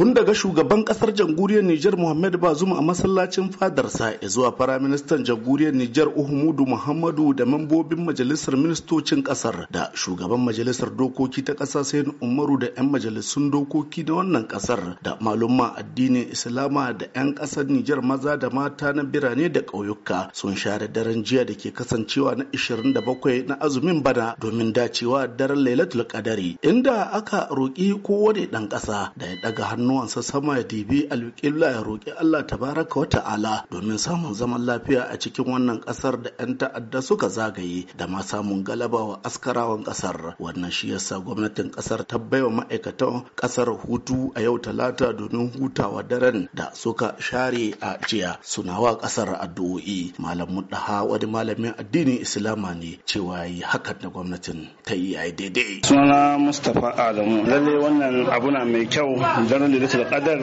tun daga shugaban kasar jamhuriyar Nijar muhammadu Bazoum a masallacin fadarsa ya zuwa firaministan jamhuriyar Nijar Uhumudu Muhammadu da mambobin majalisar ministocin kasar da shugaban majalisar dokoki ta kasa Sayin Umaru da 'yan majalisun dokoki na wannan kasar da malumma addinin Islama da 'yan kasar Nijar maza da mata na birane da ƙauyuka sun share daren jiya da ke kasancewa na 27 na azumin bana domin dacewa daren Lailatul Qadari inda aka roƙi kowane ɗan ƙasa da ya ɗaga hannu hannuwansa sama ya dibi alƙibla ya roƙi Allah tabaraka wa ta'ala domin samun zaman lafiya a cikin wannan ƙasar da 'yan ta'adda suka zagaye da ma samun galaba wa askarawan ƙasar wannan shi yasa gwamnatin ƙasar ta baiwa ma'aikatan ƙasar hutu a yau talata domin hutawa daren da suka share a jiya suna wa ƙasar addu'o'i malam muddaha wani malamin addinin islama ne cewa yi hakan da gwamnatin ta yi daidai. sunana Mustapha Adamu lallai wannan abu na mai kyau don lailatul qadar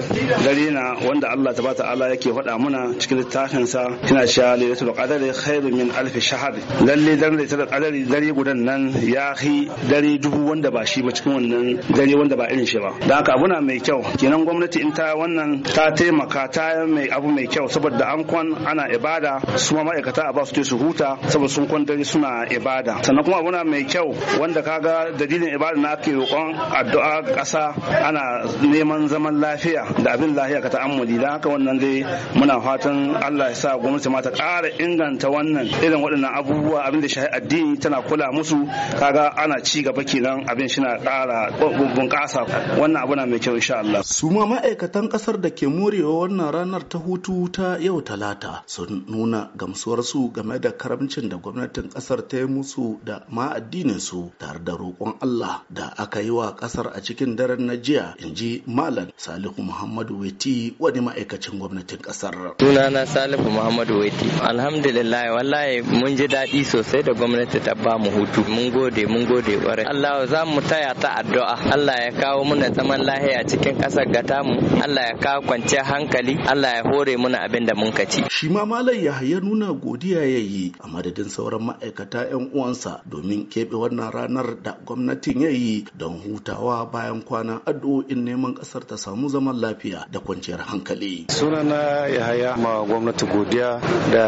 dare na wanda Allah bata ta'ala yake faɗa muna cikin littafin sa yana cewa lailatul qadar khairu min alf shahr lalle dan lailatul qadar dare gudan nan ya fi dare dubu wanda ba shi ba cikin wannan dare wanda ba irin shi ba da haka abuna mai kyau kenan gwamnati in ta wannan ta taimaka ta mai abu mai kyau saboda an kwan ana ibada su ma ma'aikata a ba su su huta saboda sun kwan dare suna ibada sannan kuma abuna mai kyau wanda kaga dalilin ibada na ake roƙon addu'a ƙasa ana neman zaman lafiya da abin lafiya ka ta'ammuli don haka wannan dai muna fatan Allah ya sa gwamnati ma ta ƙara inganta wannan irin waɗannan abubuwa abin da shahi addini tana kula musu kaga ana ci gaba kenan abin shi na ƙara bunƙasa wannan abu na mai kyau insha Allah su ma ma'aikatan ƙasar da ke morewa wannan ranar ta hutu ta yau talata sun nuna gamsuwarsu game da karamcin da gwamnatin ƙasar ta yi musu da ma addinin su tare da roƙon Allah da aka yi wa ƙasar a cikin daren na jiya in ji malam Nijar. Salihu Muhammadu Weti wani ma'aikacin gwamnatin kasar. Sunana Salihu Muhammadu Weti. Alhamdulillah wallahi mun ji daɗi sosai da gwamnati ta ba mu hutu. Mun gode mun gode kwarai. Allah za mu taya ta addu'a. Allah ya kawo muna zaman lahiya cikin ƙasar gata mu. Allah ya kawo kwanciyar hankali. Allah ya hore muna abin da mun kaci. Shi ma Malam Yahaya nuna godiya ya yi a madadin sauran ma'aikata 'yan uwansa domin keɓe wannan ranar da gwamnatin ya yi don hutawa bayan kwana addu'o'in neman ƙasar ta samu zaman lafiya da kwanciyar hankali. Suna na Yahaya ma gwamnati godiya da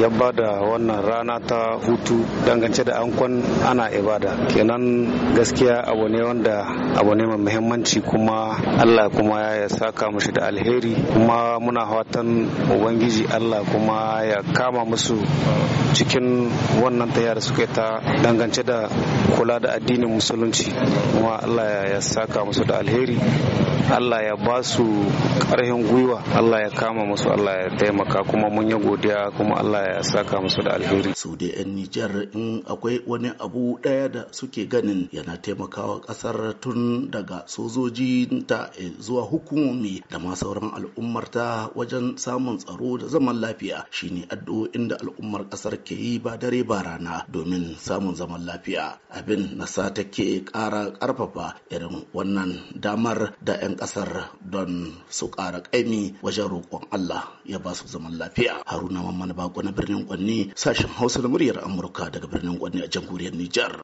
ya ba da wannan rana ta hutu dangance da ankon ana ibada. Kenan gaskiya abu ne wanda abu ne mai muhimmanci kuma Allah kuma ya saka mushi da alheri kuma muna fatan ubangiji Allah kuma ya kama musu cikin wannan ta da suka ta dangance da kula da addinin musulunci kuma Allah ya saka musu da alheri allah ya ba su ƙarhin gwiwa allah ya kama musu allah ya taimaka kuma mun yi godiya kuma allah ya saka musu da alheri su da yan nijar in akwai wani abu daya da suke ganin yana taimakawa ƙasar tun daga sojoji ta e zuwa hukumomi da ma sauran al'ummarta wajen samun tsaro da zaman lafiya shine addu'o'in da al'ummar ƙasar ke yi ba dare ba rana domin samun zaman lafiya abin nasa take ƙara ƙarfafa irin wannan damar da 'yan kasar don su ƙara kaimi wajen roƙon Allah ya ba su zaman lafiya. Haruna Mamman Bako na birnin Kwanni sashen Hausa na muryar Amurka daga birnin Kwanni a jamhuriyar Nijar.